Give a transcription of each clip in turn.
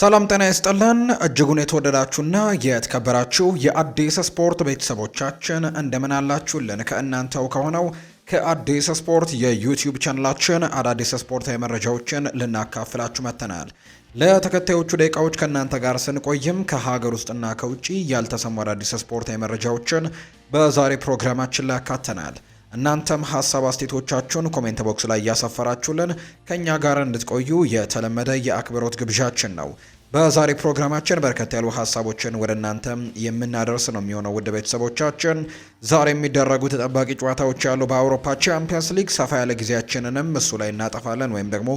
ሰላም ጤና ይስጥልን እጅጉን የተወደዳችሁና የተከበራችሁ የአዲስ ስፖርት ቤተሰቦቻችን እንደምን አላችሁልን? ከእናንተው ከሆነው ከአዲስ ስፖርት የዩቲዩብ ቻናላችን አዳዲስ ስፖርታዊ መረጃዎችን ልናካፍላችሁ መጥተናል። ለተከታዮቹ ደቂቃዎች ከእናንተ ጋር ስንቆይም ከሀገር ውስጥና ከውጭ ያልተሰሙ አዳዲስ ስፖርታዊ መረጃዎችን በዛሬ ፕሮግራማችን ላይ ያካተናል። እናንተም ሀሳብ አስቴቶቻችሁን ኮሜንት ቦክስ ላይ እያሰፈራችሁልን ከእኛ ጋር እንድትቆዩ የተለመደ የአክብሮት ግብዣችን ነው። በዛሬ ፕሮግራማችን በርከት ያሉ ሀሳቦችን ወደ እናንተ የምናደርስ ነው የሚሆነው። ውድ ቤተሰቦቻችን ዛሬ የሚደረጉ ተጠባቂ ጨዋታዎች ያሉ በአውሮፓ ቻምፒየንስ ሊግ ሰፋ ያለ ጊዜያችንንም እሱ ላይ እናጠፋለን ወይም ደግሞ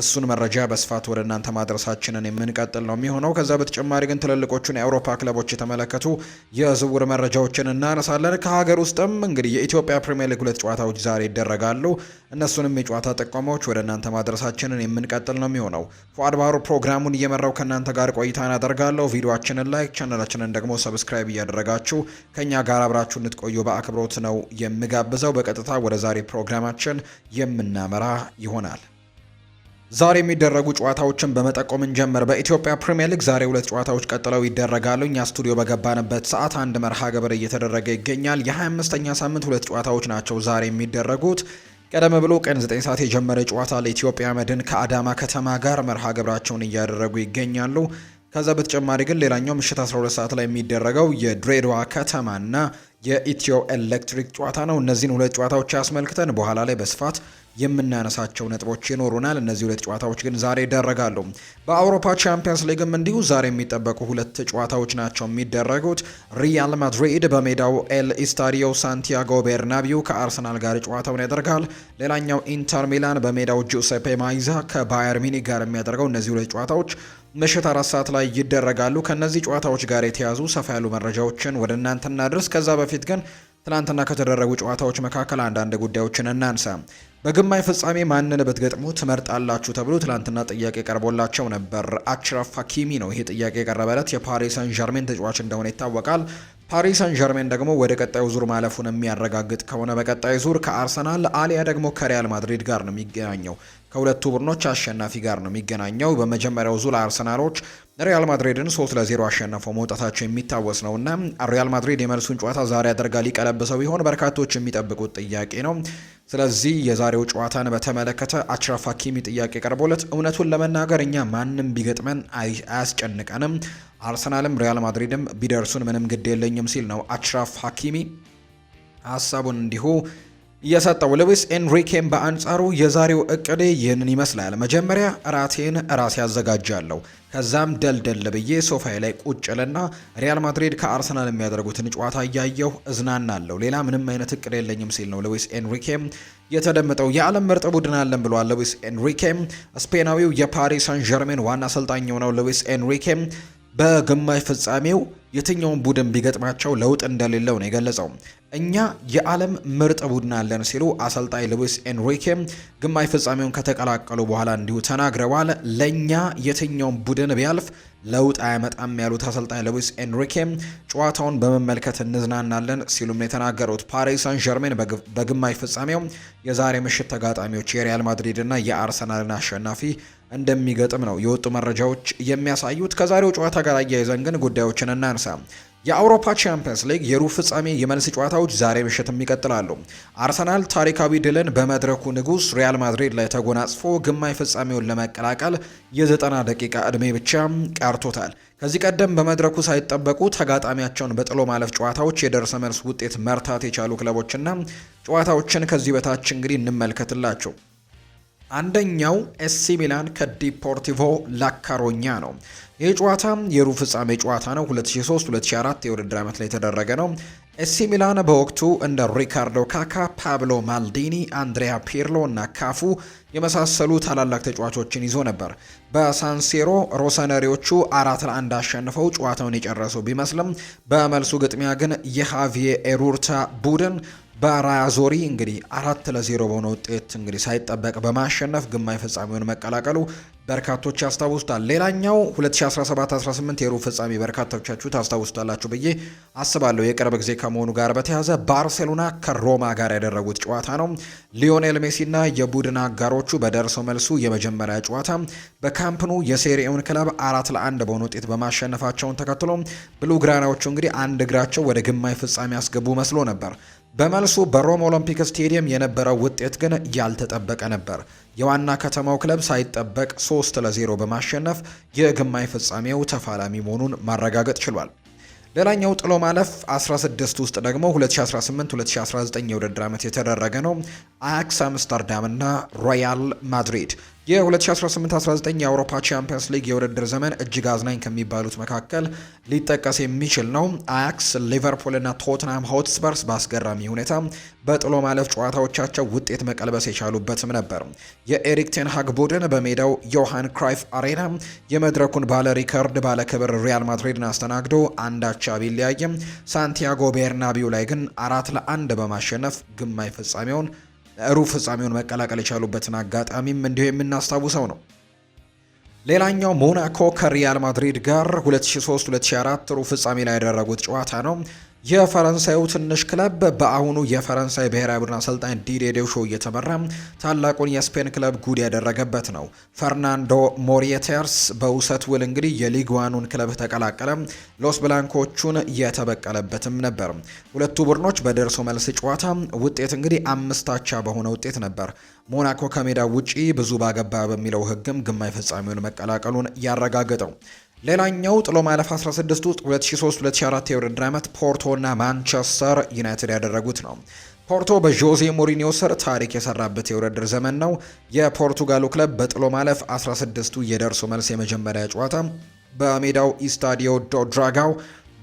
እሱን መረጃ በስፋት ወደ እናንተ ማድረሳችንን የምንቀጥል ነው የሚሆነው። ከዛ በተጨማሪ ግን ትልልቆቹን የአውሮፓ ክለቦች የተመለከቱ የዝውውር መረጃዎችን እናነሳለን። ከሀገር ውስጥም እንግዲህ የኢትዮጵያ ፕሪምየር ሊግ ሁለት ጨዋታዎች ዛሬ ይደረጋሉ። እነሱንም የጨዋታ ጥቆማዎች ወደ እናንተ ማድረሳችንን የምንቀጥል ነው የሚሆነው። ፉአድ ባህሩ ፕሮግራሙን እየመራው ከእናንተ ጋር ቆይታን አደርጋለሁ። ቪዲዮችንን ላይክ፣ ቻናላችንን ደግሞ ሰብስክራይብ እያደረጋችሁ ከእኛ ጋር አብራችሁ እንድትቆዩ በአክብሮት ነው የምጋብዘው። በቀጥታ ወደ ዛሬ ፕሮግራማችን የምናመራ ይሆናል። ዛሬ የሚደረጉ ጨዋታዎችን በመጠቆም እንጀምር። በኢትዮጵያ ፕሪምየር ሊግ ዛሬ ሁለት ጨዋታዎች ቀጥለው ይደረጋሉ። እኛ ስቱዲዮ በገባንበት ሰዓት አንድ መርሃ ግብር እየተደረገ ይገኛል። የ25ኛ ሳምንት ሁለት ጨዋታዎች ናቸው ዛሬ የሚደረጉት። ቀደም ብሎ ቀን 9 ሰዓት የጀመረ ጨዋታ ለኢትዮጵያ መድን ከአዳማ ከተማ ጋር መርሃ ግብራቸውን እያደረጉ ይገኛሉ። ከዛ በተጨማሪ ግን ሌላኛው ምሽት 12 ሰዓት ላይ የሚደረገው የድሬዳዋ ከተማና የኢትዮ ኤሌክትሪክ ጨዋታ ነው። እነዚህን ሁለት ጨዋታዎች ያስመልክተን በኋላ ላይ በስፋት የምናነሳቸው ነጥቦች ይኖሩናል። እነዚህ ሁለት ጨዋታዎች ግን ዛሬ ይደረጋሉ። በአውሮፓ ቻምፒየንስ ሊግም እንዲሁ ዛሬ የሚጠበቁ ሁለት ጨዋታዎች ናቸው የሚደረጉት። ሪያል ማድሪድ በሜዳው ኤል ኢስታዲዮ ሳንቲያጎ ቤርናቢው ከአርሰናል ጋር ጨዋታውን ያደርጋል። ሌላኛው ኢንተር ሚላን በሜዳው ጁሴፔ ማይዛ ከባየር ሚኒክ ጋር የሚያደርገው እነዚህ ሁለት ጨዋታዎች ምሽት አራት ሰዓት ላይ ይደረጋሉ። ከእነዚህ ጨዋታዎች ጋር የተያዙ ሰፋ ያሉ መረጃዎችን ወደ እናንተ እናድርስ። ከዛ በፊት ግን ትናንትና ከተደረጉ ጨዋታዎች መካከል አንዳንድ ጉዳዮችን እናንሳ። በግማሽ ፍጻሜ ማንን ብትገጥሙ ትመርጣላችሁ ተብሎ ትናንትና ጥያቄ ቀርቦላቸው ነበር። አችራፍ ሀኪሚ ነው ይሄ ጥያቄ የቀረበለት። የፓሪስ ሰን ዠርሜን ተጫዋች እንደሆነ ይታወቃል። ፓሪስ ሰን ዠርሜን ደግሞ ወደ ቀጣዩ ዙር ማለፉን የሚያረጋግጥ ከሆነ በቀጣይ ዙር ከአርሰናል አሊያ ደግሞ ከሪያል ማድሪድ ጋር ነው የሚገናኘው። ከሁለቱ ቡድኖች አሸናፊ ጋር ነው የሚገናኘው። በመጀመሪያው ዙር አርሰናሎች ሪያል ማድሪድን ሶስት ለዜሮ አሸነፈው መውጣታቸው የሚታወስ እና ሪያል ማድሪድ የመልሱን ጨዋታ ዛሬ አድርጋ ሊቀለብሰው ይሆን በርካቶች የሚጠብቁት ጥያቄ ነው። ስለዚህ የዛሬው ጨዋታን በተመለከተ አችራፍ ሀኪሚ ጥያቄ ቀርቦለት እውነቱን ለመናገር እኛ ማንም ቢገጥመን አያስጨንቀንም፣ አርሰናልም ሪያል ማድሪድም ቢደርሱን ምንም ግድ የለኝም ሲል ነው አችራፍ ሀኪሚ ሀሳቡን እንዲሁ እያሳጣው ሉዊስ ኤንሪኬም በአንጻሩ የዛሬው እቅዴ ይህንን ይመስላል። መጀመሪያ ራሴን ራሴ አዘጋጃለሁ። ከዛም ደልደል ብዬ ሶፋዬ ላይ ቁጭልና ሪያል ማድሪድ ከአርሰናል የሚያደርጉትን ጨዋታ እያየሁ እዝናናለሁ። ሌላ ምንም አይነት እቅድ የለኝም ሲል ነው ሉዊስ ኤንሪኬም የተደመጠው። የዓለም ምርጥ ቡድን አለን ብሏል ልዊስ ኤንሪኬም። ስፔናዊው የፓሪስ ሳን ጀርሜን ዋና አሰልጣኝ የሆነው ሉዊስ ኤንሪኬም በግማሽ ፍጻሜው የትኛውን ቡድን ቢገጥማቸው ለውጥ እንደሌለው ነው የገለጸው። እኛ የዓለም ምርጥ ቡድን አለን ሲሉ አሰልጣኝ ሉዊስ ኤንሪኬም ግማሽ ፍጻሜውን ከተቀላቀሉ በኋላ እንዲሁ ተናግረዋል። ለእኛ የትኛውን ቡድን ቢያልፍ ለውጥ አያመጣም ያሉት አሰልጣኝ ሉዊስ ኤንሪኬም ጨዋታውን በመመልከት እንዝናናለን ሲሉም የተናገሩት። ፓሪስ ሳን ዠርሜን በግማሽ ፍጻሜው የዛሬ ምሽት ተጋጣሚዎች የሪያል ማድሪድ እና የአርሰናልን አሸናፊ እንደሚገጥም ነው የወጡ መረጃዎች የሚያሳዩት። ከዛሬው ጨዋታ ጋር አያይዘን ግን ጉዳዮችን እናንሳ። የአውሮፓ ቻምፒየንስ ሊግ የሩብ ፍጻሜ የመልስ ጨዋታዎች ዛሬ ምሽትም ይቀጥላሉ። አርሰናል ታሪካዊ ድልን በመድረኩ ንጉስ ሪያል ማድሪድ ላይ ተጎናጽፎ ግማሽ ፍጻሜውን ለመቀላቀል የዘጠና ደቂቃ ዕድሜ ብቻ ቀርቶታል። ከዚህ ቀደም በመድረኩ ሳይጠበቁ ተጋጣሚያቸውን በጥሎ ማለፍ ጨዋታዎች የደርሰ መልስ ውጤት መርታት የቻሉ ክለቦችና ጨዋታዎችን ከዚህ በታች እንግዲህ እንመልከትላቸው። አንደኛው ኤሲ ሚላን ከዲፖርቲቮ ላካሮኛ ነው። ይህ ጨዋታ የሩብ ፍጻሜ ጨዋታ ነው። 2003-2004 የውድድር ዓመት ላይ የተደረገ ነው። ኤሲ ሚላን በወቅቱ እንደ ሪካርዶ ካካ፣ ፓብሎ ማልዲኒ፣ አንድሪያ ፒርሎ እና ካፉ የመሳሰሉ ታላላቅ ተጫዋቾችን ይዞ ነበር። በሳንሴሮ ሮሰነሪዎቹ አራት ለአንድ አሸንፈው ጨዋታውን የጨረሱ ቢመስልም በመልሱ ግጥሚያ ግን የሃቪየ ኤሩርታ ቡድን በራያ ዞሪ እንግዲህ አራት ለዜሮ በሆነ ውጤት እንግዲህ ሳይጠበቅ በማሸነፍ ግማሽ ፍጻሜውን መቀላቀሉ በርካቶች ያስታውስታል። ሌላኛው 2017-18 የሩብ ፍጻሜ በርካቶቻችሁ ታስታውስታላችሁ ብዬ አስባለሁ። የቅርብ ጊዜ ከመሆኑ ጋር በተያያዘ ባርሴሎና ከሮማ ጋር ያደረጉት ጨዋታ ነው። ሊዮኔል ሜሲና የቡድን አጋሮቹ በደርሰው መልሱ የመጀመሪያ ጨዋታ በካምፕኑ የሴሪኤውን ክለብ አራት ለአንድ በሆነ ውጤት በማሸነፋቸውን ተከትሎ ብሉ ግራናዎቹ እንግዲህ አንድ እግራቸው ወደ ግማሽ ፍጻሜ ያስገቡ መስሎ ነበር። በመልሱ በሮም ኦሎምፒክ ስቴዲየም የነበረው ውጤት ግን ያልተጠበቀ ነበር። የዋና ከተማው ክለብ ሳይጠበቅ 3 ለዜሮ በማሸነፍ የግማሽ ፍጻሜው ተፋላሚ መሆኑን ማረጋገጥ ችሏል። ሌላኛው ጥሎ ማለፍ 16 ውስጥ ደግሞ 2018-2019 የውድድር ዓመት የተደረገ ነው። አያክስ አምስተርዳም እና ሮያል ማድሪድ የ2018-19 የአውሮፓ ቻምፒየንስ ሊግ የውድድር ዘመን እጅግ አዝናኝ ከሚባሉት መካከል ሊጠቀስ የሚችል ነው። አያክስ፣ ሊቨርፑል እና ቶትናም ሆትስፐርስ በአስገራሚ ሁኔታ በጥሎ ማለፍ ጨዋታዎቻቸው ውጤት መቀልበስ የቻሉበትም ነበር። የኤሪክ ቴንሃግ ቡድን በሜዳው ዮሃን ክራይፍ አሬና የመድረኩን ባለ ሪከርድ ባለ ክብር ሪያል ማድሪድን አስተናግዶ አንዳቻ ቢለያይም ሳንቲያጎ ቤርናቢው ላይ ግን አራት ለአንድ በማሸነፍ ግማሽ ፍጻሜውን ሩብ ፍጻሜውን መቀላቀል የቻሉበትን አጋጣሚም እንዲሁ የምናስታውሰው ነው። ሌላኛው ሞናኮ ከሪያል ማድሪድ ጋር 2003 2004 ሩብ ፍጻሜ ላይ ያደረጉት ጨዋታ ነው። የፈረንሳዩ ትንሽ ክለብ በአሁኑ የፈረንሳይ ብሔራዊ ቡድን አሰልጣኝ ዲዲዬ ዴሾ እየተመራ ታላቁን የስፔን ክለብ ጉድ ያደረገበት ነው። ፈርናንዶ ሞሪቴርስ በውሰት ውል እንግዲህ የሊግዋኑን ክለብ ተቀላቀለ። ሎስ ብላንኮቹን የተበቀለበትም ነበር። ሁለቱ ቡድኖች በደርሶ መልስ ጨዋታ ውጤት እንግዲህ አምስታቻ በሆነ ውጤት ነበር። ሞናኮ ከሜዳ ውጪ ብዙ ባገባ በሚለው ህግም ግማሽ ፍጻሜውን መቀላቀሉን ያረጋገጠው ሌላኛው ጥሎ ማለፍ 16 ውስጥ 2003-2004 የውድድር ዓመት ፖርቶና ማንቸስተር ዩናይትድ ያደረጉት ነው። ፖርቶ በዦዜ ሞሪኒዮ ስር ታሪክ የሰራበት የውድድር ዘመን ነው። የፖርቱጋሉ ክለብ በጥሎ ማለፍ 16ቱ የደርሶ መልስ የመጀመሪያ ጨዋታ በሜዳው ኢስታዲዮ ዶ ድራጋው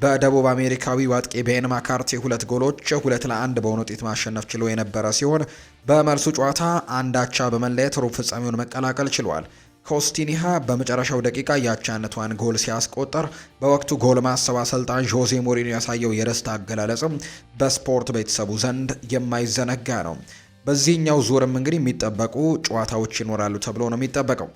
በደቡብ አሜሪካዊ አጥቂ ቤን ማካርቲ ሁለት ጎሎች ሁለት ለአንድ በሆነ ውጤት ማሸነፍ ችሎ የነበረ ሲሆን በመልሱ ጨዋታ አንዳቻ በመለየት ሩብ ፍጻሜውን መቀላቀል ችሏል። ኮስቲኒሃ በመጨረሻው ደቂቃ ያቻነቷን ጎል ሲያስቆጠር በወቅቱ ጎልማሳው አሰልጣኝ ዦዜ ሞሪኖ ያሳየው የደስታ አገላለጽም በስፖርት ቤተሰቡ ዘንድ የማይዘነጋ ነው። በዚህኛው ዙርም እንግዲህ የሚጠበቁ ጨዋታዎች ይኖራሉ ተብሎ ነው የሚጠበቀው።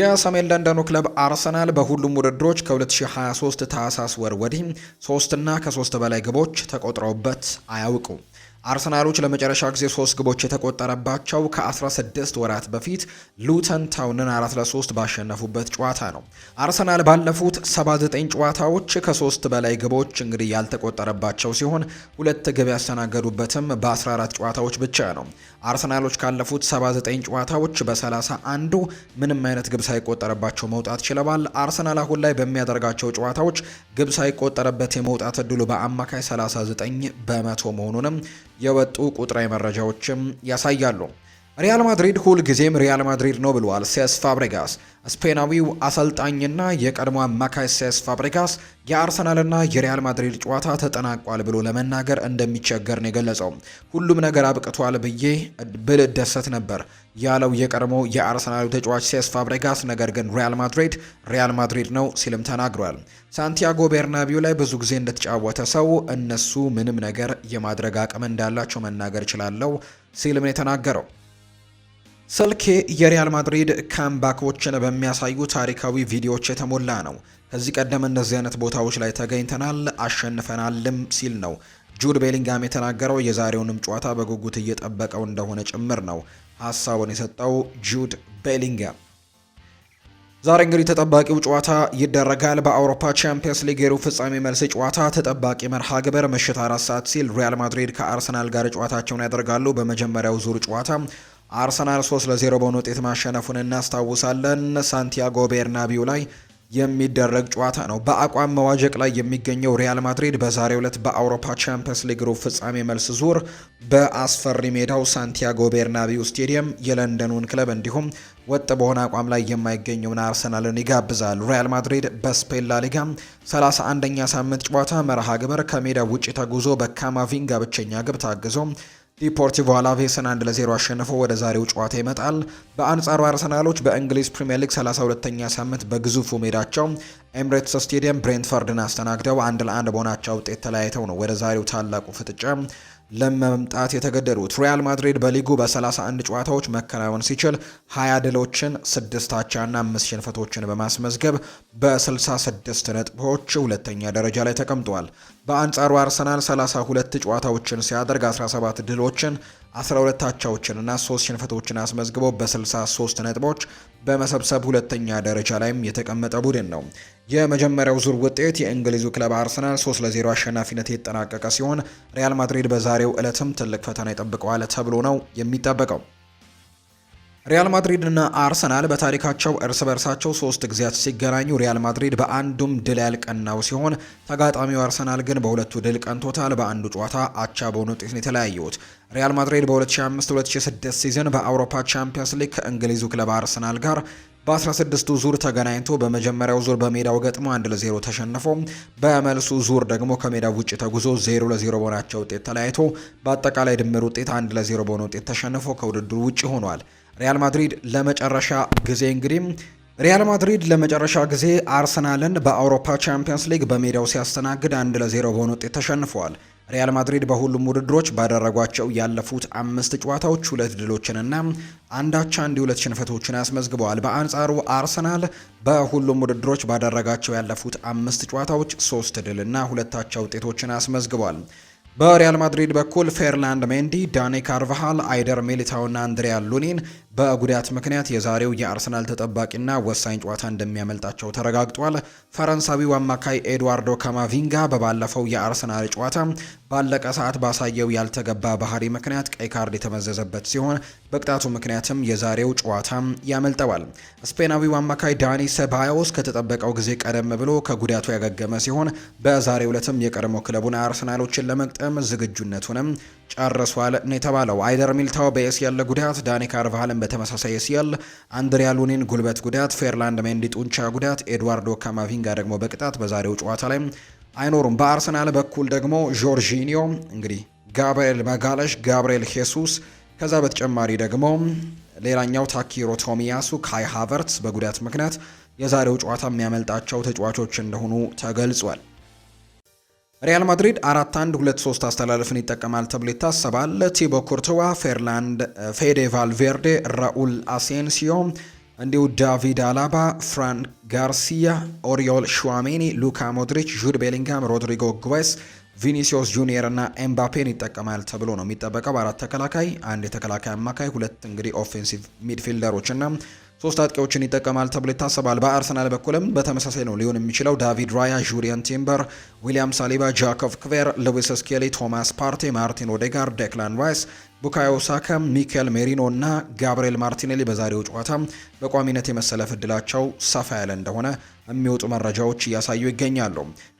የሰሜን ለንደኑ ክለብ አርሰናል በሁሉም ውድድሮች ከ2023 ታህሳስ ወር ወዲህ ሶስትና ከሶስት በላይ ግቦች ተቆጥረውበት አያውቁም። አርሰናሎች ለመጨረሻ ጊዜ ሶስት ግቦች የተቆጠረባቸው ከ16 ወራት በፊት ሉተን ታውንን 4 ለ3 ባሸነፉበት ጨዋታ ነው። አርሰናል ባለፉት 79 ጨዋታዎች ከሶስት በላይ ግቦች እንግዲህ ያልተቆጠረባቸው ሲሆን ሁለት ግብ ያስተናገዱበትም በ14 ጨዋታዎች ብቻ ነው። አርሰናሎች ካለፉት 79 ጨዋታዎች በ31ዱ ምንም አይነት ግብ ሳይቆጠረባቸው መውጣት ችለዋል። አርሰናል አሁን ላይ በሚያደርጋቸው ጨዋታዎች ግብ ሳይቆጠረበት የመውጣት እድሉ በአማካይ 39 በመቶ መሆኑንም የወጡ ቁጥራዊ መረጃዎችም ያሳያሉ። ሪያል ማድሪድ ሁል ጊዜም ሪያል ማድሪድ ነው ብሏል ሴስ ፋብሬጋስ። ስፔናዊው አሰልጣኝና የቀድሞ አማካይ ሴስ ፋብሬጋስ የአርሰናልና የሪያል ማድሪድ ጨዋታ ተጠናቋል ብሎ ለመናገር እንደሚቸገር ነው የገለጸው። ሁሉም ነገር አብቅቷል ብዬ ብል ደሰት ነበር ያለው የቀድሞ የአርሰናሉ ተጫዋች ሴስ ፋብሬጋስ፣ ነገር ግን ሪያል ማድሪድ ሪያል ማድሪድ ነው ሲልም ተናግሯል። ሳንቲያጎ ቤርናቢው ላይ ብዙ ጊዜ እንደተጫወተ ሰው እነሱ ምንም ነገር የማድረግ አቅም እንዳላቸው መናገር እችላለሁ ሲልም ነው የተናገረው። ስልኬ የሪያል ማድሪድ ካምባኮችን በሚያሳዩ ታሪካዊ ቪዲዮዎች የተሞላ ነው። ከዚህ ቀደም እንደዚህ አይነት ቦታዎች ላይ ተገኝተናል፣ አሸንፈናልም ሲል ነው ጁድ ቤሊንጋም የተናገረው። የዛሬውንም ጨዋታ በጉጉት እየጠበቀው እንደሆነ ጭምር ነው ሀሳቡን የሰጠው ጁድ ቤሊንጋም። ዛሬ እንግዲህ ተጠባቂው ጨዋታ ይደረጋል። በአውሮፓ ቻምፒየንስ ሊግ የሩብ ፍጻሜ መልስ ጨዋታ ተጠባቂ መርሃ ግብር ምሽት አራት ሰዓት ሲል ሪያል ማድሪድ ከአርሰናል ጋር ጨዋታቸውን ያደርጋሉ። በመጀመሪያው ዙር ጨዋታ አርሰናል 3 ለ0 በሆነ ውጤት ማሸነፉን እናስታውሳለን። ሳንቲያጎ ቤርናቢው ላይ የሚደረግ ጨዋታ ነው። በአቋም መዋዠቅ ላይ የሚገኘው ሪያል ማድሪድ በዛሬው ዕለት በአውሮፓ ቻምፒየንስ ሊግ ሩብ ፍጻሜ መልስ ዙር በአስፈሪ ሜዳው ሳንቲያጎ ቤርናቢው ስቴዲየም የለንደኑን ክለብ እንዲሁም ወጥ በሆነ አቋም ላይ የማይገኘውን አርሰናልን ይጋብዛል። ሪያል ማድሪድ በስፔን ላሊጋ 31ኛ ሳምንት ጨዋታ መርሃ ግበር ከሜዳ ውጭ ተጉዞ በካማቪንጋ ብቸኛ ግብ ታግዞ ዲፖርቲቮ አላቬስን አንድ ለዜሮ አሸንፎ ወደ ዛሬው ጨዋታ ይመጣል። በአንጻሩ አርሰናሎች በእንግሊዝ ፕሪምየር ሊግ 32ኛ ሳምንት በግዙፉ ሜዳቸው ኤምሬትስ ስቴዲየም ብሬንትፈርድን አስተናግደው አንድ ለአንድ በሆናቸው ውጤት ተለያይተው ነው ወደ ዛሬው ታላቁ ፍጥጫ ለመምጣት የተገደዱት ሪያል ማድሪድ በሊጉ በ31 ጨዋታዎች መከናወን ሲችል 20 ድሎችን፣ 6 አቻና 5 ሽንፈቶችን በማስመዝገብ በ66 ነጥቦች ሁለተኛ ደረጃ ላይ ተቀምጧል። በአንጻሩ አርሰናል 32 ጨዋታዎችን ሲያደርግ 17 ድሎችን፣ 12 አቻዎችንና 3 ሽንፈቶችን አስመዝግቦ በ63 ነጥቦች በመሰብሰብ ሁለተኛ ደረጃ ላይም የተቀመጠ ቡድን ነው። የመጀመሪያው ዙር ውጤት የእንግሊዙ ክለብ አርሰናል 3 ለ0 አሸናፊነት የተጠናቀቀ ሲሆን ሪያል ማድሪድ በዛሬው ዕለትም ትልቅ ፈተና ይጠብቀዋል ተብሎ ነው የሚጠበቀው። ሪያል ማድሪድ እና አርሰናል በታሪካቸው እርስ በርሳቸው ሶስት ጊዜያት ሲገናኙ ሪያል ማድሪድ በአንዱም ድል ያልቀናው ሲሆን ተጋጣሚው አርሰናል ግን በሁለቱ ድል ቀንቶታል። በአንዱ ጨዋታ አቻ በሆነ ውጤት ነው የተለያዩት። ሪያል ማድሪድ በ2005-2006 ሲዝን በአውሮፓ ቻምፒየንስ ሊግ ከእንግሊዙ ክለብ አርሰናል ጋር በ16ቱ ዙር ተገናኝቶ በመጀመሪያው ዙር በሜዳው ገጥሞ አንድ ለዜሮ ተሸንፎ በመልሱ ዙር ደግሞ ከሜዳው ውጭ ተጉዞ ዜሮ ለዜሮ በሆናቸው ውጤት ተለያይቶ በአጠቃላይ ድምር ውጤት አንድ ለዜሮ በሆነ ውጤት ተሸንፎ ከውድድሩ ውጭ ሆኗል። ሪያል ማድሪድ ለመጨረሻ ጊዜ እንግዲህ ሪያል ማድሪድ ለመጨረሻ ጊዜ አርሰናልን በአውሮፓ ቻምፒየንስ ሊግ በሜዳው ሲያስተናግድ አንድ ለዜሮ በሆነ ውጤት ተሸንፈዋል። ሪያል ማድሪድ በሁሉም ውድድሮች ባደረጓቸው ያለፉት አምስት ጨዋታዎች ሁለት ድሎችንና አንዳቻ እንዲ ሁለት ሽንፈቶችን አስመዝግበዋል። በአንጻሩ አርሰናል በሁሉም ውድድሮች ባደረጋቸው ያለፉት አምስት ጨዋታዎች ሶስት ድልና ሁለታቻ ውጤቶችን አስመዝግቧል። በሪያል ማድሪድ በኩል ፌርላንድ ሜንዲ፣ ዳኒ ካርቫሃል፣ አይደር ሚሊታውና አንድሪያ ሉኒን በጉዳት ምክንያት የዛሬው የአርሰናል ተጠባቂና ወሳኝ ጨዋታ እንደሚያመልጣቸው ተረጋግጧል። ፈረንሳዊው አማካይ ኤድዋርዶ ካማቪንጋ በባለፈው የአርሰናል ጨዋታ ባለቀ ሰዓት ባሳየው ያልተገባ ባህሪ ምክንያት ቀይ ካርድ የተመዘዘበት ሲሆን በቅጣቱ ምክንያትም የዛሬው ጨዋታ ያመልጠዋል። ስፔናዊው አማካይ ዳኒ ሰባዮስ ከተጠበቀው ጊዜ ቀደም ብሎ ከጉዳቱ ያገገመ ሲሆን በዛሬው ዕለትም የቀድሞ ክለቡን አርሰናሎችን ለመቅጠም ዝግጁነቱንም ጨርሷል ነው የተባለው። አይደር ሚልታው በኤሲኤል ጉዳት፣ ዳኒ ካርቫሃልን በተመሳሳይ ኤሲኤል፣ አንድሪያ ሉኒን ጉልበት ጉዳት፣ ፌርላንድ ሜንዲ ጡንቻ ጉዳት፣ ኤድዋርዶ ካማቪንጋ ደግሞ በቅጣት በዛሬው ጨዋታ ላይ አይኖሩም። በአርሰናል በኩል ደግሞ ጆርጂኒዮ እንግዲህ ጋብርኤል መጋለሽ፣ ጋብርኤል ሄሱስ ከዛ በተጨማሪ ደግሞ ሌላኛው ታኪሮ ቶሚያሱ፣ ካይ ሃቨርትስ በጉዳት ምክንያት የዛሬው ጨዋታ የሚያመልጣቸው ተጫዋቾች እንደሆኑ ተገልጿል። ሪያል ማድሪድ አራት አንድ ሁለት ሶስት አስተላለፍን ይጠቀማል ተብሎ ይታሰባል። ቲቦ ኩርትዋ፣ ፌርላንድ ፌዴ፣ ቫልቬርዴ፣ ራኡል አሴንሲዮ እንዲሁ ዳቪድ አላባ፣ ፍራንክ ጋርሲያ፣ ኦሪዮል ሹዋሜኒ፣ ሉካ ሞድሪች፣ ጁድ ቤሊንጋም፣ ሮድሪጎ ጉዌስ፣ ቪኒሲዮስ ጁኒየር እና ኤምባፔን ይጠቀማል ተብሎ ነው የሚጠበቀው። አራት ተከላካይ፣ አንድ የተከላካይ አማካይ፣ ሁለት እንግዲህ ኦፌንሲቭ ሚድፊልደሮች እና ሶስት አጥቂዎችን ይጠቀማል ተብሎ ይታሰባል። በአርሰናል በኩልም በተመሳሳይ ነው ሊሆን የሚችለው። ዳቪድ ራያ፣ ጁሪየን ቲምበር፣ ዊሊያም ሳሊባ፣ ጃኮቭ ክቬር፣ ሉዊስ ስኬሊ፣ ቶማስ ፓርቴ፣ ማርቲን ኦዴጋር፣ ዴክላን ራይስ፣ ቡካዮ ሳካ፣ ሚካኤል ሜሪኖ እና ጋብርኤል ማርቲኔሊ በዛሬው ጨዋታ በቋሚነት የመሰለፍ እድላቸው ሰፋ ያለ እንደሆነ የሚወጡ መረጃዎች እያሳዩ ይገኛሉ።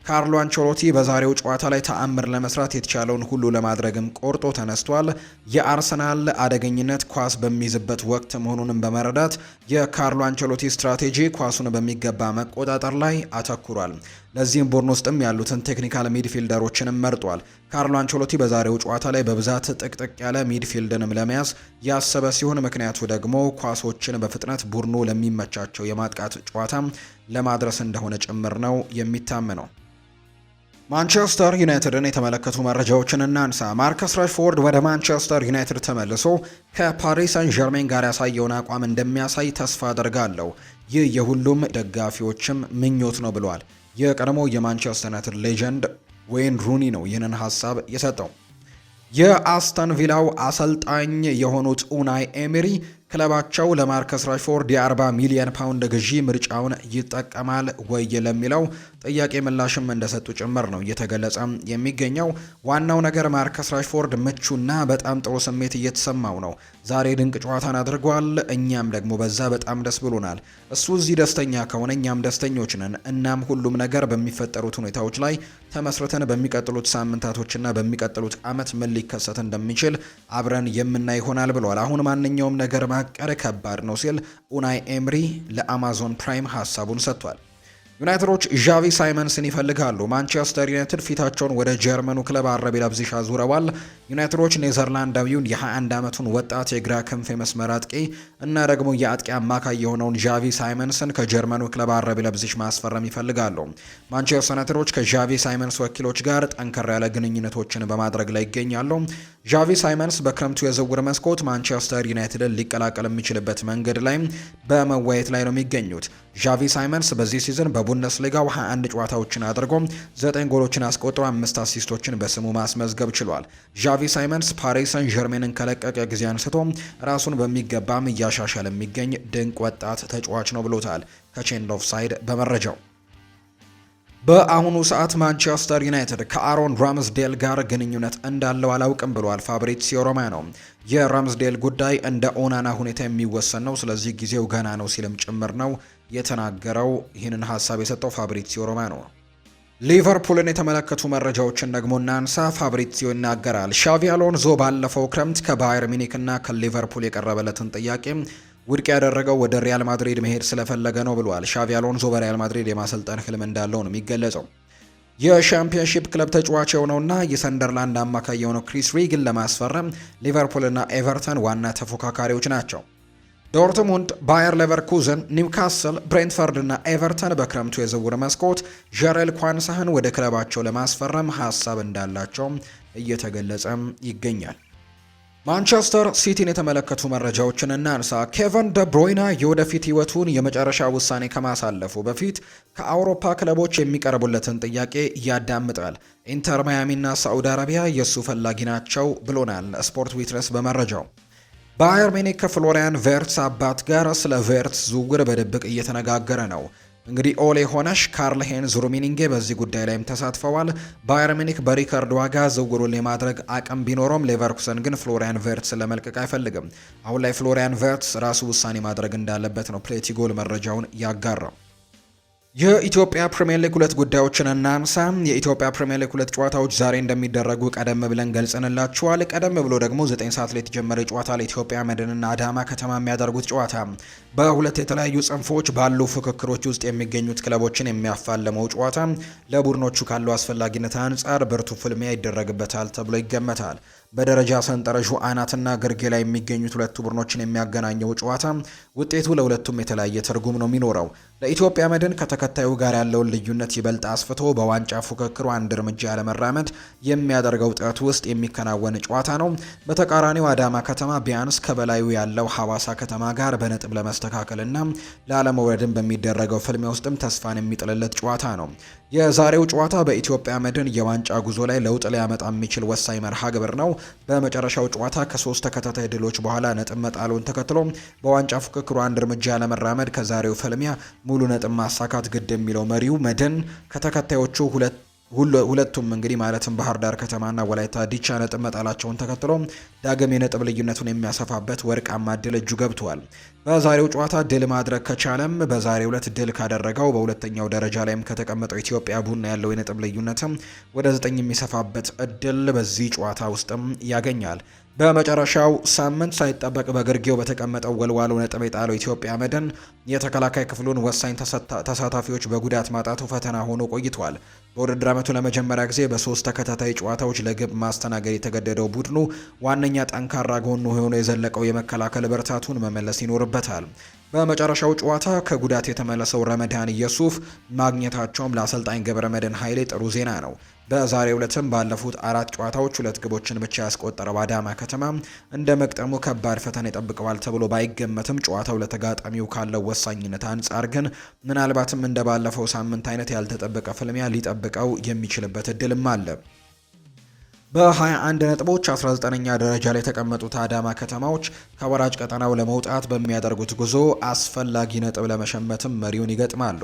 ካርሎ አንቸሎቲ በዛሬው ጨዋታ ላይ ተአምር ለመስራት የተቻለውን ሁሉ ለማድረግም ቆርጦ ተነስቷል። የአርሰናል አደገኝነት ኳስ በሚይዝበት ወቅት መሆኑንም በመረዳት የካርሎ አንቸሎቲ ስትራቴጂ ኳሱን በሚገባ መቆጣጠር ላይ አተኩሯል። ለዚህም ቡድን ውስጥም ያሉትን ቴክኒካል ሚድፊልደሮችንም መርጧል። ካርሎ አንቸሎቲ በዛሬው ጨዋታ ላይ በብዛት ጥቅጥቅ ያለ ሚድፊልድንም ለመያዝ ያሰበ ሲሆን፣ ምክንያቱ ደግሞ ኳሶችን በፍጥነት ቡድኑ ለሚመቻቸው የማጥቃት ጨዋታ ለማድረስ እንደሆነ ጭምር ነው የሚታመነው። ማንቸስተር ዩናይትድን የተመለከቱ መረጃዎችን እናንሳ። ማርከስ ራሽፎርድ ወደ ማንቸስተር ዩናይትድ ተመልሶ ከፓሪስ ሳን ዠርሜን ጋር ያሳየውን አቋም እንደሚያሳይ ተስፋ አደርጋለሁ። ይህ የሁሉም ደጋፊዎችም ምኞት ነው ብለዋል። የቀድሞ የማንቸስተር ዩናይትድ ሌጀንድ ወይን ሩኒ ነው ይህንን ሀሳብ የሰጠው። የአስተን ቪላው አሰልጣኝ የሆኑት ኡናይ ኤሚሪ ክለባቸው ለማርከስ ራሽፎርድ የ40 ሚሊዮን ፓውንድ ግዢ ምርጫውን ይጠቀማል ወይ ለሚለው ጥያቄ ምላሽም እንደሰጡ ጭምር ነው እየተገለጸ የሚገኘው። ዋናው ነገር ማርከስ ራሽፎርድ ምቹና በጣም ጥሩ ስሜት እየተሰማው ነው። ዛሬ ድንቅ ጨዋታን አድርጓል። እኛም ደግሞ በዛ በጣም ደስ ብሎናል። እሱ እዚህ ደስተኛ ከሆነ እኛም ደስተኞች ነን። እናም ሁሉም ነገር በሚፈጠሩት ሁኔታዎች ላይ ተመስርተን በሚቀጥሉት ሳምንታቶችና በሚቀጥሉት ዓመት ምን ሊከሰት እንደሚችል አብረን የምናይ ይሆናል ብሏል። አሁን ማንኛውም ነገር ማቀር ከባድ ነው ሲል ኡናይ ኤምሪ ለአማዞን ፕራይም ሀሳቡን ሰጥቷል። ዩናይትዶች ዣቪ ሳይመንስን ይፈልጋሉ። ማንቸስተር ዩናይትድ ፊታቸውን ወደ ጀርመኑ ክለብ አረቢ ለብዚሽ አዙረዋል። ዩናይትዶች ኔዘርላንዳዊውን የ21 ዓመቱን ወጣት የግራ ክንፍ የመስመር አጥቂ እና ደግሞ የአጥቂ አማካይ የሆነውን ዣቪ ሳይመንስን ከጀርመኑ ክለብ አረቢ ለብዚሽ ማስፈረም ይፈልጋሉ። ማንቸስተር ዩናይትዶች ከዣቪ ሳይመንስ ወኪሎች ጋር ጠንከር ያለ ግንኙነቶችን በማድረግ ላይ ይገኛሉ። ዣቪ ሳይመንስ በክረምቱ የዝውውር መስኮት ማንቸስተር ዩናይትድን ሊቀላቀል የሚችልበት መንገድ ላይ በመወያየት ላይ ነው የሚገኙት። ዣቪ ሳይመንስ በዚህ ሲዝን በቡንደስሊጋው 21 ጨዋታዎችን አድርጎ 9 ጎሎችን አስቆጥሮ አምስት አሲስቶችን በስሙ ማስመዝገብ ችሏል። ዣቪ ሳይመንስ ፓሪስ ሰን ዠርሜንን ከለቀቀ ጊዜ አንስቶ ራሱን በሚገባም እያሻሻለ የሚገኝ ድንቅ ወጣት ተጫዋች ነው ብሎታል። ከቼንድ ኦፍ ሳይድ በመረጃው በአሁኑ ሰዓት ማንቸስተር ዩናይትድ ከአሮን ራምስዴል ጋር ግንኙነት እንዳለው አላውቅም ብሏል ፋብሪዚዮ ሮማኖ ነው። የራምስዴል ጉዳይ እንደ ኦናና ሁኔታ የሚወሰን ነው፣ ስለዚህ ጊዜው ገና ነው ሲልም ጭምር ነው የተናገረው ይህንን ሀሳብ የሰጠው ፋብሪዚዮ ሮማኖ ነው። ሊቨርፑልን የተመለከቱ መረጃዎችን ደግሞ እናንሳ። ፋብሪዚዮ ይናገራል። ሻቪ አሎንዞ ባለፈው ክረምት ከባየር ሚኒክና ከሊቨርፑል የቀረበለትን ጥያቄ ውድቅ ያደረገው ወደ ሪያል ማድሪድ መሄድ ስለፈለገ ነው ብሏል። ሻቪ አሎንዞ በሪያል ማድሪድ የማሰልጠን ህልም እንዳለው ነው የሚገለጸው። የሻምፒየንሺፕ ክለብ ተጫዋች የሆነውና የሰንደርላንድ አማካይ የሆነው ክሪስ ሪግን ለማስፈረም ሊቨርፑልና ኤቨርተን ዋና ተፎካካሪዎች ናቸው። ዶርትሙንድ፣ ባየር ሌቨርኩዘን፣ ኒውካስል፣ ብሬንትፈርድ እና ኤቨርተን በክረምቱ የዝውውር መስኮት ጀረል ኳንሳህን ወደ ክለባቸው ለማስፈረም ሀሳብ እንዳላቸው እየተገለጸም ይገኛል። ማንቸስተር ሲቲን የተመለከቱ መረጃዎችን እናንሳ። ኬቨን ደብሮይና የወደፊት ህይወቱን የመጨረሻ ውሳኔ ከማሳለፉ በፊት ከአውሮፓ ክለቦች የሚቀርቡለትን ጥያቄ ያዳምጣል። ኢንተር ማያሚና ሳዑዲ አረቢያ የእሱ ፈላጊ ናቸው ብሎናል ስፖርት ዊትነስ በመረጃው ባየር ሚኒክ ከፍሎሪያን ቬርትስ አባት ጋር ስለ ቬርትስ ዝውውር በድብቅ እየተነጋገረ ነው። እንግዲህ ኦሌ ሆነሽ ካርል ሄንዝ ሩሚኒንጌ በዚህ ጉዳይ ላይም ተሳትፈዋል። ባየር ሚኒክ በሪከርድ ዋጋ ዝውውሩን ለማድረግ አቅም ቢኖረውም ሌቨርኩሰን ግን ፍሎሪያን ቬርትስ ለመልቀቅ አይፈልግም። አሁን ላይ ፍሎሪያን ቬርትስ ራሱ ውሳኔ ማድረግ እንዳለበት ነው ፕሌቲጎል መረጃውን ያጋራው። የኢትዮጵያ ፕሪምየር ሊግ ሁለት ጉዳዮችን እናንሳ። የኢትዮጵያ ፕሪምየር ሊግ ሁለት ጨዋታዎች ዛሬ እንደሚደረጉ ቀደም ብለን ገልጸንላችኋል። ቀደም ብሎ ደግሞ ዘጠኝ ሰዓት ላይ የተጀመረ ጨዋታ ለኢትዮጵያ መድንና አዳማ ከተማ የሚያደርጉት ጨዋታ በሁለት የተለያዩ ጽንፎች ባሉ ፍክክሮች ውስጥ የሚገኙት ክለቦችን የሚያፋለመው ጨዋታ ለቡድኖቹ ካለው አስፈላጊነት አንጻር ብርቱ ፍልሚያ ይደረግበታል ተብሎ ይገመታል። በደረጃ ሰንጠረዡ አናትና ግርጌ ላይ የሚገኙት ሁለቱ ቡድኖችን የሚያገናኘው ጨዋታ ውጤቱ ለሁለቱም የተለያየ ትርጉም ነው የሚኖረው። ለኢትዮጵያ መድን ከተከታዩ ጋር ያለውን ልዩነት ይበልጥ አስፍቶ በዋንጫ ፉክክሩ አንድ እርምጃ ያለመራመድ የሚያደርገው ጥረት ውስጥ የሚከናወን ጨዋታ ነው። በተቃራኒው አዳማ ከተማ ቢያንስ ከበላዩ ያለው ሐዋሳ ከተማ ጋር በነጥብ ለመስተካከልና ለአለመውረድን በሚደረገው ፍልሚያ ውስጥም ተስፋን የሚጥልለት ጨዋታ ነው። የዛሬው ጨዋታ በኢትዮጵያ መድን የዋንጫ ጉዞ ላይ ለውጥ ሊያመጣ የሚችል ወሳኝ መርሃ ግብር ነው። በመጨረሻው ጨዋታ ከሶስት ተከታታይ ድሎች በኋላ ነጥብ መጣሉን ተከትሎ በዋንጫ ፉክክሩ አንድ እርምጃ ያለመራመድ ከዛሬው ፍልሚያ ሙሉ ነጥብ ማሳካት ግድ የሚለው መሪው መድን ከተከታዮቹ ሁለት ሁለቱም እንግዲህ ማለትም ባህር ዳር ከተማና ወላይታ ዲቻ ነጥብ መጣላቸውን ተከትሎ ዳግም የነጥብ ልዩነቱን የሚያሰፋበት ወርቃማ ድል እጁ ገብቷል። በዛሬው ጨዋታ ድል ማድረግ ከቻለም በዛሬው ዕለት ድል ካደረገው በሁለተኛው ደረጃ ላይም ከተቀመጠው ኢትዮጵያ ቡና ያለው የነጥብ ልዩነትም ወደ ዘጠኝ የሚሰፋበት እድል በዚህ ጨዋታ ውስጥም ያገኛል። በመጨረሻው ሳምንት ሳይጠበቅ በግርጌው በተቀመጠው ወልዋሎ ነጥብ የጣለው ኢትዮጵያ መድን የተከላካይ ክፍሉን ወሳኝ ተሳታፊዎች በጉዳት ማጣቱ ፈተና ሆኖ ቆይቷል። በውድድር ዓመቱ ለመጀመሪያ ጊዜ በሶስት ተከታታይ ጨዋታዎች ለግብ ማስተናገድ የተገደደው ቡድኑ ዋነኛ ጠንካራ ጎኑ ሆኖ የዘለቀው የመከላከል ብርታቱን መመለስ ይኖርበታል። በመጨረሻው ጨዋታ ከጉዳት የተመለሰው ረመዳን ኢየሱፍ ማግኘታቸውም ለአሰልጣኝ ገብረ መድህን ኃይሌ ጥሩ ዜና ነው። በዛሬው ዕለትም ባለፉት አራት ጨዋታዎች ሁለት ግቦችን ብቻ ያስቆጠረው አዳማ ከተማ እንደ መቅጠሙ ከባድ ፈተና ይጠብቀዋል ተብሎ ባይገመትም ጨዋታው ለተጋጣሚው ካለው ወሳኝነት አንጻር ግን ምናልባትም እንደ ባለፈው ሳምንት አይነት ያልተጠበቀ ፍልሚያ ሊጠብቀው የሚችልበት እድልም አለ። በ21 ነጥቦች 19ኛ ደረጃ ላይ የተቀመጡት አዳማ ከተማዎች ከወራጅ ቀጠናው ለመውጣት በሚያደርጉት ጉዞ አስፈላጊ ነጥብ ለመሸመትም መሪውን ይገጥማሉ።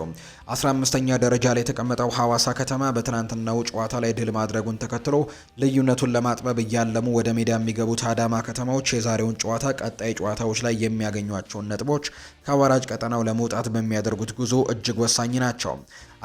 15ኛ ደረጃ ላይ የተቀመጠው ሐዋሳ ከተማ በትናንትናው ጨዋታ ላይ ድል ማድረጉን ተከትሎ ልዩነቱን ለማጥበብ እያለሙ ወደ ሜዳ የሚገቡት አዳማ ከተማዎች የዛሬውን ጨዋታ ቀጣይ ጨዋታዎች ላይ የሚያገኟቸውን ነጥቦች ከወራጅ ቀጠናው ለመውጣት በሚያደርጉት ጉዞ እጅግ ወሳኝ ናቸው።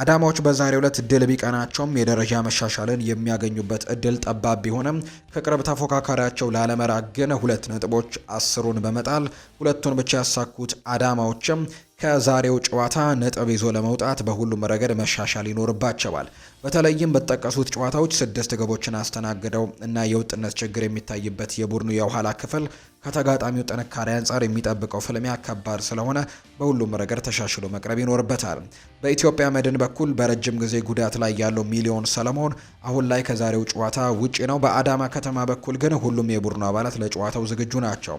አዳማዎች በዛሬው ዕለት ድል ቢቀናቸውም የደረጃ መሻሻልን የሚያገኙበት እድል ጠባብ ቢሆንም ከቅርብ ተፎካካሪያቸው ላለመራቅ ግን ሁለት ነጥቦች አስሩን በመጣል ሁለቱን ብቻ ያሳኩት አዳማዎችም ከዛሬው ጨዋታ ነጥብ ይዞ ለመውጣት በሁሉም ረገድ መሻሻል ይኖርባቸዋል። በተለይም በተጠቀሱት ጨዋታዎች ስድስት ግቦችን አስተናግደው እና የውጥነት ችግር የሚታይበት የቡድኑ የኋላ ክፍል ከተጋጣሚው ጥንካሬ አንጻር የሚጠብቀው ፍልሚያ ከባድ ስለሆነ በሁሉም ረገድ ተሻሽሎ መቅረብ ይኖርበታል። በኢትዮጵያ መድን በኩል በረጅም ጊዜ ጉዳት ላይ ያለው ሚሊዮን ሰለሞን አሁን ላይ ከዛሬው ጨዋታ ውጪ ነው። በአዳማ ከተማ በኩል ግን ሁሉም የቡድኑ አባላት ለጨዋታው ዝግጁ ናቸው።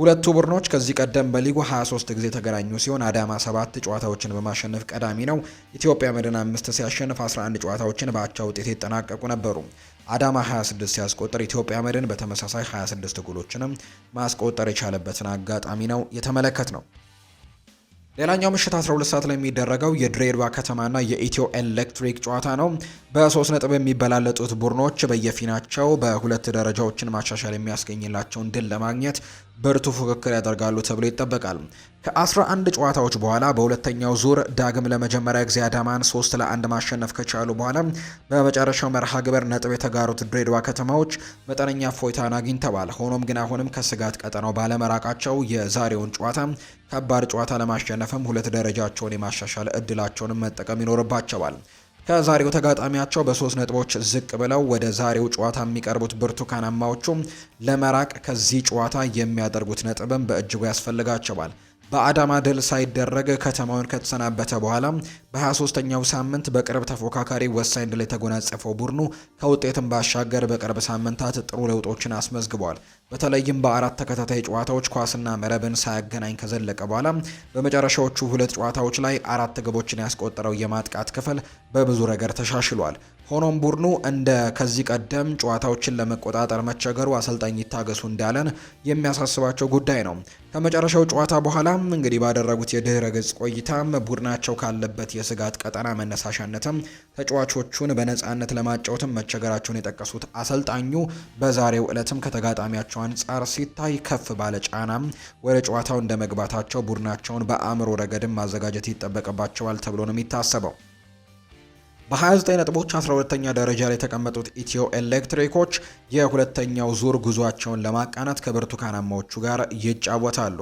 ሁለቱ ቡድኖች ከዚህ ቀደም በሊጉ 23 ጊዜ ተገናኙ ሲሆን አዳማ ሰባት ጨዋታዎችን በማሸነፍ ቀዳሚ ነው። ኢትዮጵያ መድን አምስት ሲያሸንፍ 11 ጨዋታዎችን በአቻ ውጤት የጠናቀቁ ነበሩ። አዳማ 26 ሲያስቆጠር ኢትዮጵያ መድን በተመሳሳይ 26 ጎሎችንም ማስቆጠር የቻለበትን አጋጣሚ ነው የተመለከት ነው። ሌላኛው ምሽት 12 ሰዓት ላይ የሚደረገው የድሬዳዋ ከተማና የኢትዮ ኤሌክትሪክ ጨዋታ ነው። በሶስት ነጥብ የሚበላለጡት ቡድኖች በየፊናቸው በሁለት ደረጃዎችን ማሻሻል የሚያስገኝላቸውን ድል ለማግኘት ብርቱ ፉክክር ያደርጋሉ ተብሎ ይጠበቃል። ከ11 ጨዋታዎች በኋላ በሁለተኛው ዙር ዳግም ለመጀመሪያ ጊዜ አዳማን 3 ለ1 ማሸነፍ ከቻሉ በኋላ በመጨረሻው መርሃ ግበር ነጥብ የተጋሩት ድሬዳዋ ከተማዎች መጠነኛ ፎይታን አግኝተዋል። ሆኖም ግን አሁንም ከስጋት ቀጠናው ባለመራቃቸው የዛሬውን ጨዋታ ከባድ ጨዋታ ለማሸነፍም ሁለት ደረጃቸውን የማሻሻል እድላቸውንም መጠቀም ይኖርባቸዋል። ከዛሬው ተጋጣሚያቸው በሶስት ነጥቦች ዝቅ ብለው ወደ ዛሬው ጨዋታ የሚቀርቡት ብርቱካናማዎቹም ለመራቅ ከዚህ ጨዋታ የሚያደርጉት ነጥብም በእጅጉ ያስፈልጋቸዋል። በአዳማ ድል ሳይደረግ ከተማውን ከተሰናበተ በኋላ በ23ኛው ሳምንት በቅርብ ተፎካካሪ ወሳኝ ድል የተጎናጸፈው ቡድኑ ከውጤትም ባሻገር በቅርብ ሳምንታት ጥሩ ለውጦችን አስመዝግቧል። በተለይም በአራት ተከታታይ ጨዋታዎች ኳስና መረብን ሳያገናኝ ከዘለቀ በኋላ በመጨረሻዎቹ ሁለት ጨዋታዎች ላይ አራት ግቦችን ያስቆጠረው የማጥቃት ክፍል በብዙ ረገድ ተሻሽሏል። ሆኖም ቡድኑ እንደ ከዚህ ቀደም ጨዋታዎችን ለመቆጣጠር መቸገሩ አሰልጣኝ ይታገሱ እንዳለን የሚያሳስባቸው ጉዳይ ነው። ከመጨረሻው ጨዋታ በኋላም እንግዲህ ባደረጉት የድህረ ገጽ ቆይታም ቡድናቸው ካለበት የስጋት ቀጠና መነሳሻነትም ተጫዋቾቹን በነፃነት ለማጫወትም መቸገራቸውን የጠቀሱት አሰልጣኙ በዛሬው ዕለትም ከተጋጣሚያቸው አንጻር ሲታይ ከፍ ባለ ጫናም ወደ ጨዋታው እንደ መግባታቸው ቡድናቸውን በአእምሮ ረገድም ማዘጋጀት ይጠበቅባቸዋል ተብሎ ነው የሚታሰበው። በ29 ነጥቦች 12ተኛ ደረጃ ላይ የተቀመጡት ኢትዮ ኤሌክትሪኮች የሁለተኛው ዙር ጉዟቸውን ለማቃናት ከብርቱካናማዎቹ ጋር ይጫወታሉ።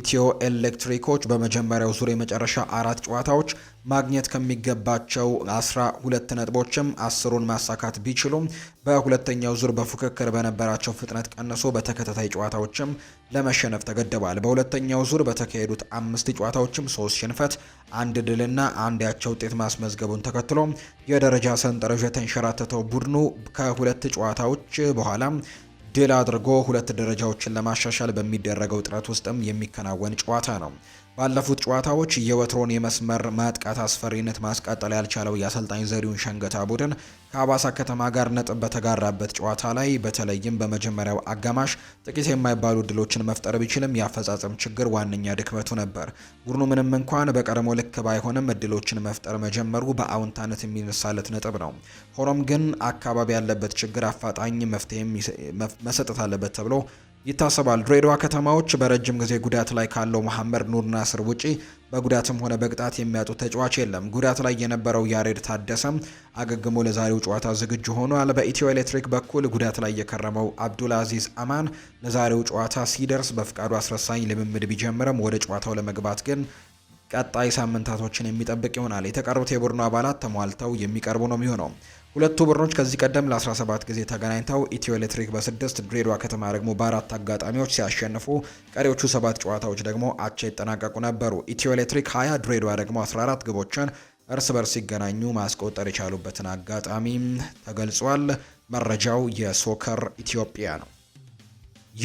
ኢትዮ ኤሌክትሪኮች በመጀመሪያው ዙር የመጨረሻ አራት ጨዋታዎች ማግኘት ከሚገባቸው አስራ ሁለት ነጥቦችም አስሩን ማሳካት ቢችሉም በሁለተኛው ዙር በፉክክር በነበራቸው ፍጥነት ቀንሶ በተከታታይ ጨዋታዎችም ለመሸነፍ ተገደዋል። በሁለተኛው ዙር በተካሄዱት አምስት ጨዋታዎችም ሶስት ሽንፈት፣ አንድ ድልና አንድ ያቻ ውጤት ማስመዝገቡን ተከትሎ የደረጃ ሰንጠረዥ የተንሸራተተው ቡድኑ ከሁለት ጨዋታዎች በኋላ ድል አድርጎ ሁለት ደረጃዎችን ለማሻሻል በሚደረገው ጥረት ውስጥም የሚከናወን ጨዋታ ነው። ባለፉት ጨዋታዎች የወትሮን የመስመር ማጥቃት አስፈሪነት ማስቀጠል ያልቻለው የአሰልጣኝ ዘሪሁን ሸንገታ ቡድን ከአባሳ ከተማ ጋር ነጥብ በተጋራበት ጨዋታ ላይ በተለይም በመጀመሪያው አጋማሽ ጥቂት የማይባሉ እድሎችን መፍጠር ቢችልም የአፈጻጸም ችግር ዋነኛ ድክመቱ ነበር። ቡድኑ ምንም እንኳን በቀድሞ ልክ ባይሆንም እድሎችን መፍጠር መጀመሩ በአውንታነት የሚነሳለት ነጥብ ነው። ሆኖም ግን አካባቢ ያለበት ችግር አፋጣኝ መፍትሄ መሰጠት አለበት ተብሎ ይታሰባል። ድሬዳዋ ከተማዎች በረጅም ጊዜ ጉዳት ላይ ካለው መሐመድ ኑር ናስር ውጪ በጉዳትም ሆነ በቅጣት የሚያጡት ተጫዋች የለም። ጉዳት ላይ የነበረው ያሬድ ታደሰም አገግሞ ለዛሬው ጨዋታ ዝግጁ ሆኗል። በኢትዮ ኤሌክትሪክ በኩል ጉዳት ላይ የከረመው አብዱል አዚዝ አማን ለዛሬው ጨዋታ ሲደርስ በፍቃዱ አስረሳኝ ልምምድ ቢጀምርም ወደ ጨዋታው ለመግባት ግን ቀጣይ ሳምንታቶችን የሚጠብቅ ይሆናል። የተቀሩት የቡድኑ አባላት ተሟልተው የሚቀርቡ ነው የሚሆነው። ሁለቱ ቡድኖች ከዚህ ቀደም ለ17 ጊዜ ተገናኝተው ኢትዮ ኤሌክትሪክ በስድስት ድሬዳዋ ከተማ ደግሞ በአራት አጋጣሚዎች ሲያሸንፉ ቀሪዎቹ ሰባት ጨዋታዎች ደግሞ አቻ ይጠናቀቁ ነበሩ። ኢትዮ ኤሌክትሪክ 20 ድሬዳዋ ደግሞ 14 ግቦችን እርስ በርስ ሲገናኙ ማስቆጠር የቻሉበትን አጋጣሚ ተገልጿል። መረጃው የሶከር ኢትዮጵያ ነው።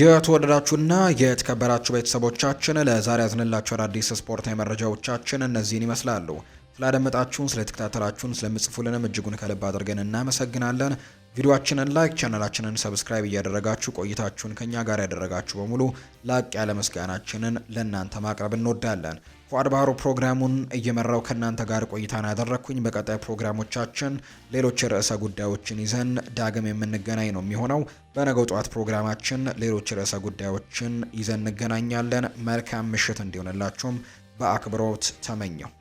የተወደዳችሁና የተከበራችሁ ቤተሰቦቻችን ለዛሬ ያዝንላችሁ አዳዲስ ስፖርታዊ መረጃዎቻችን እነዚህን ይመስላሉ። ስላደመጣችሁን፣ ስለተከታተላችሁን፣ ስለምጽፉልንም እጅጉን ከልብ አድርገን እናመሰግናለን። ቪዲዮአችንን ላይክ ቻናላችንን ሰብስክራይብ እያደረጋችሁ ቆይታችሁን ከኛ ጋር ያደረጋችሁ በሙሉ ላቅ ያለ ምስጋናችንን ለእናንተ ማቅረብ እንወዳለን። ፏድ ባህሩ ፕሮግራሙን እየመራው ከእናንተ ጋር ቆይታን ያደረግኩኝ። በቀጣይ ፕሮግራሞቻችን ሌሎች ርዕሰ ጉዳዮችን ይዘን ዳግም የምንገናኝ ነው የሚሆነው። በነገው ጠዋት ፕሮግራማችን ሌሎች ርዕሰ ጉዳዮችን ይዘን እንገናኛለን። መልካም ምሽት እንዲሆንላችሁም በአክብሮት ተመኘው።